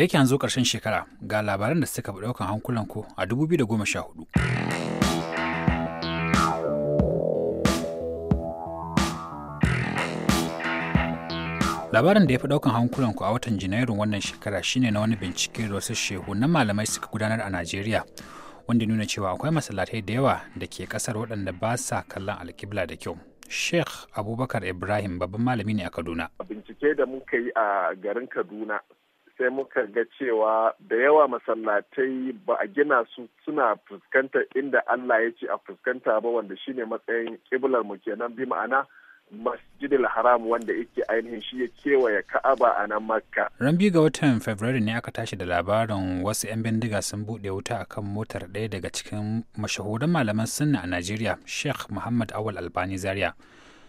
da yake an zo ƙarshen shekara ga labaran da suka fi ɗaukan hankulanku a 2014. Labarin da ya fi ɗaukan hankulanku a watan Janairun wannan shekara shine na wani bincike da wasu shehu na malamai suka gudanar a Najeriya. wanda nuna cewa akwai masallatai da yawa da ke kasar waɗanda ba sa kallon alkibla da kyau Sheikh Abubakar Ibrahim babban malami ne a Kaduna. Bincike da muka yi a garin Kaduna sai muka ga cewa da yawa masallatai ba a gina su suna fuskantar inda Allah ya ce a fuskanta ba wanda shine matsayin kiblar mu kenan bi ma'ana masjidil haram wanda yake ainihin shi ya kewaye ka'aba a nan makka. Rambi ga watan february ne aka tashi da labarin wasu 'yan bindiga sun bude wuta akan motar ɗaya daga cikin mashahuran malaman sunna a Najeriya, Sheikh Muhammad Awal Albani Zaria.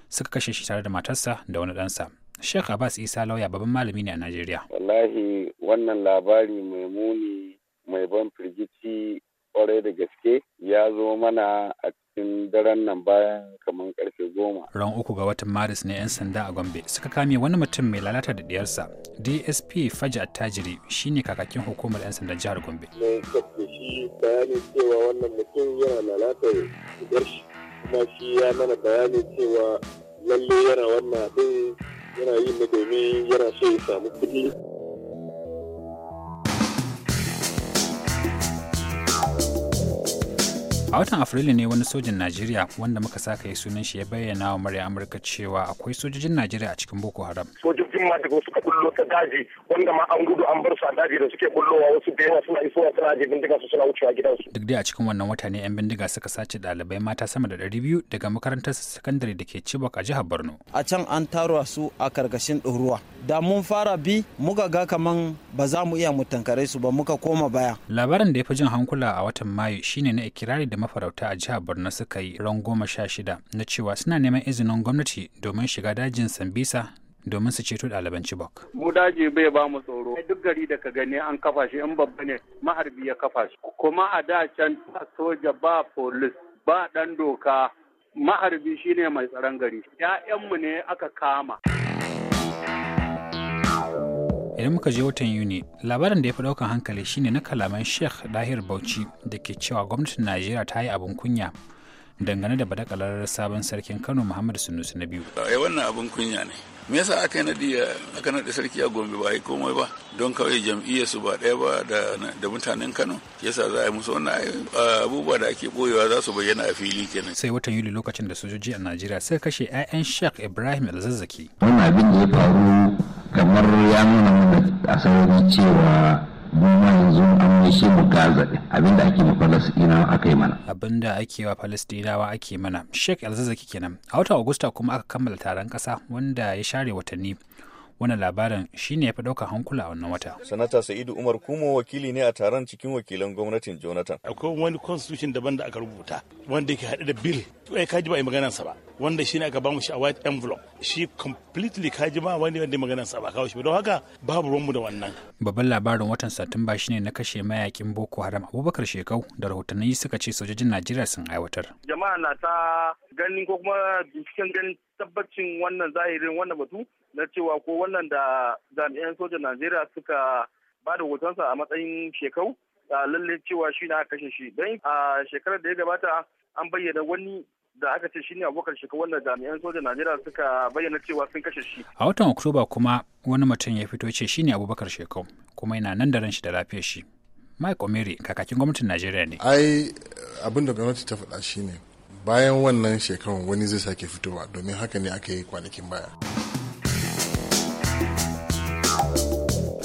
Suka kashe shi tare da matarsa da wani ɗansa. Sheikh Abbas Isa lauya babban malami ne a Najeriya. Wallahi wannan labari mai muni mai ban firgici kwarai da gaske ya zo mana a cikin daren nan bayan kamar karfe goma. Ran uku ga watan Maris ne 'yan sanda a Gombe suka kame wani mutum mai lalata da diyarsa. DSP Faji Attajiri shine kakakin hukumar 'yan sanda jihar Gombe. Mai shi bayanin cewa wannan mutum yana lalata da kuma shi ya mana bayanin cewa lalle yana wannan abin yana yi na domin yana so ya samu kuɗi a watan afrilu ne wani sojin najeriya wanda muka saka yi sunan shi ya bayyana wa murya amurka cewa akwai sojojin najeriya a cikin boko haram sojojin ma daga suka kullo ta daji wanda ma an gudu an bar su a daji da suke kullowa wasu da yawa suna isowa suna je bindiga su suna wucewa gidansu duk dai a cikin wannan wata ne yan bindiga suka sace ɗalibai mata sama da ɗari biyu daga makarantar sakandare da ke cibok a jihar borno a can an taro su a karkashin ɗoruwa da mun fara bi muka ga kaman ba za mu iya mu tankare su ba muka koma baya labarin da ya fi jin hankula a watan mayu shine na ikirari da mafarauta a jihar borno suka yi ran goma sha shida na cewa suna neman izinin gwamnati domin shiga dajin sambisa domin su ceto ɗaliban Chibok. Mu daji bai ba mu tsoro. Duk gari da ka gani an kafa shi in babba ne maharbi ya kafa shi. Kuma a da can ba soja ba polis ba ɗan doka maharbi shine mai tsaron gari. mu ne aka kama. idan muka je watan yuni labarin da ya fi daukan hankali shine na kalaman sheikh dahir bauchi da ke cewa gwamnatin najeriya ta yi abin kunya dangane da badakalar sabon sarkin kano muhammad sunusu na biyu a eh, wannan abin kunya ne me yasa aka yi nadi aka nadi sarki a gombe ba yi komai ba don kawai jam'iyyar su ba ɗaya ba da mutanen kano yasa za a yi musu wannan abubuwa da ake boyewa za su bayyana a fili kenan sai watan yuli lokacin da sojoji a najeriya sai kashe 'ya'yan sheikh ibrahim alzazzaki wannan abin da ya faru kamar ya nuna mana a cewa mu yanzu an yi shi mu gaza abinda ake ma falastinawa aka yi mana abinda ake wa falastinawa ake mana sheik alzazzaki kenan a watan agusta kuma aka kammala taron kasa wanda ya share watanni wannan labarin shine ya fi ɗaukar hankula a wannan wata. Sanata Sa'idu Umar Kumo wakili ne a taron cikin wakilan gwamnatin Jonathan. Akwai wani constitution daban da aka rubuta wanda yake haɗe da bill. Ai kaji ba a yi maganarsa ba. Wanda shine aka bamu shi a white envelope. Shi completely kaji ba wani wanda ya maganarsa ba kawo shi ba. Don haka babu ruwanmu da wannan. Babban labarin watan Satumba shine na kashe mayakin Boko Haram Abubakar Shekau da rahotanni suka ce sojojin Najeriya sun aiwatar. Jama'a na ta ganin ko kuma binciken ganin tabbacin wannan zahirin wannan batu na cewa ko wannan da jami'an sojan najeriya suka ba da hotonsa a matsayin shekau a lalle cewa shi na kashe shi don a shekarar da ya gabata an bayyana wani da aka ce shi ne abokan shekau wanda jami'an sojan najeriya suka bayyana cewa sun kashe shi a watan oktoba kuma wani mutum ya fito ce shine abubakar shekau kuma yana nan da ran shi da lafiyar shi mike omeri kakakin gwamnatin najeriya ne ai abin da gwamnati ta faɗa shine bayan wannan shekarun wani zai sake fitowa domin haka ne aka yi kwanakin baya.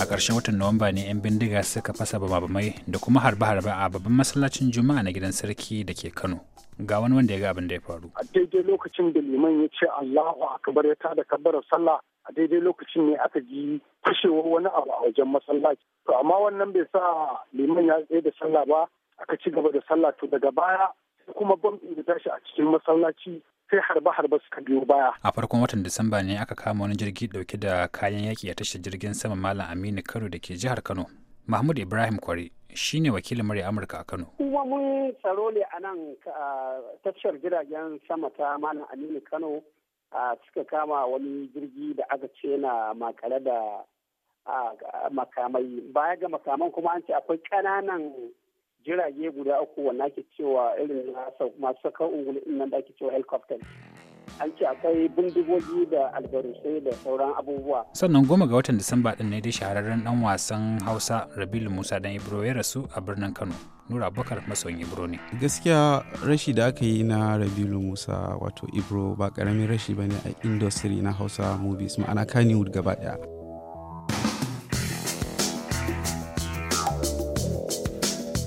a ƙarshen watan nuwamba ne 'yan bindiga suka fasa bamabamai da kuma harbe-harbe a babban masallacin juma'a na gidan sarki da ke kano ga wani wanda ya ga abin da ya faru a daidai lokacin da liman ya ce allahu akbar ya tada kabbarar sallah a daidai lokacin ne aka ji fashewar wani abu a wajen masallaci to amma wannan bai sa liman ya tsaye da sallah ba aka ci gaba da sallah to daga baya kuma bam da tashi a cikin masallaci sai harbe su suka biyo baya. A farkon watan Disamba ne aka kama wani jirgi dauke da kayan yaki a tashar jirgin sama Malam Aminu Kano da ke jihar Kano. Mahmud Ibrahim Kwari shi ne wakilin murya Amurka a Kano. Kuma mun tsaro ne a nan tashar jiragen sama ta Malam Aminu Kano a suka kama wani jirgi da aka ce na makare da makamai. Baya ga makaman kuma an ce akwai ƙananan jirage guda uku wanda ake cewa irin masu sakar ungulu nan da ake cewa helicopter an ce akwai bindigogi da albarusai da sauran abubuwa. Sannan goma ga watan Disamba ɗin ne dai shahararren ɗan wasan Hausa Rabilu Musa dan Ibro ya rasu a birnin Kano. Nura Abubakar masoyin Ibro ne. Gaskiya rashi da aka yi na Rabilu Musa wato Ibro ba karamin rashi ba ne a industry na Hausa movies ma'ana Kannywood gaba ɗaya.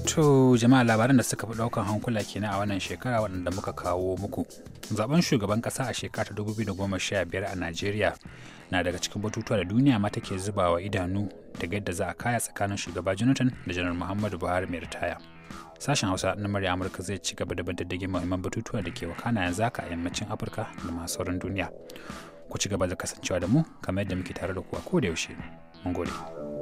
To jama'a labaran da suka fi ɗaukan hankula kenan a wannan shekara waɗanda muka kawo muku. Zaben shugaban ƙasa a shekara ta goma sha biyar a Najeriya na daga cikin batutuwa da duniya ma take zubawa idanu daga yadda za a kaya tsakanin shugaba Jonathan da janar Muhammadu Buhari mai ritaya. Sashen Hausa na murya Amurka zai ci gaba da bantaddagin muhimman batutuwa da ke wakana yanzu haka a yammacin Afirka da masu sauran duniya. Ku ci gaba da kasancewa da mu kamar yadda muke tare da ku ko da yaushe. Mun gode.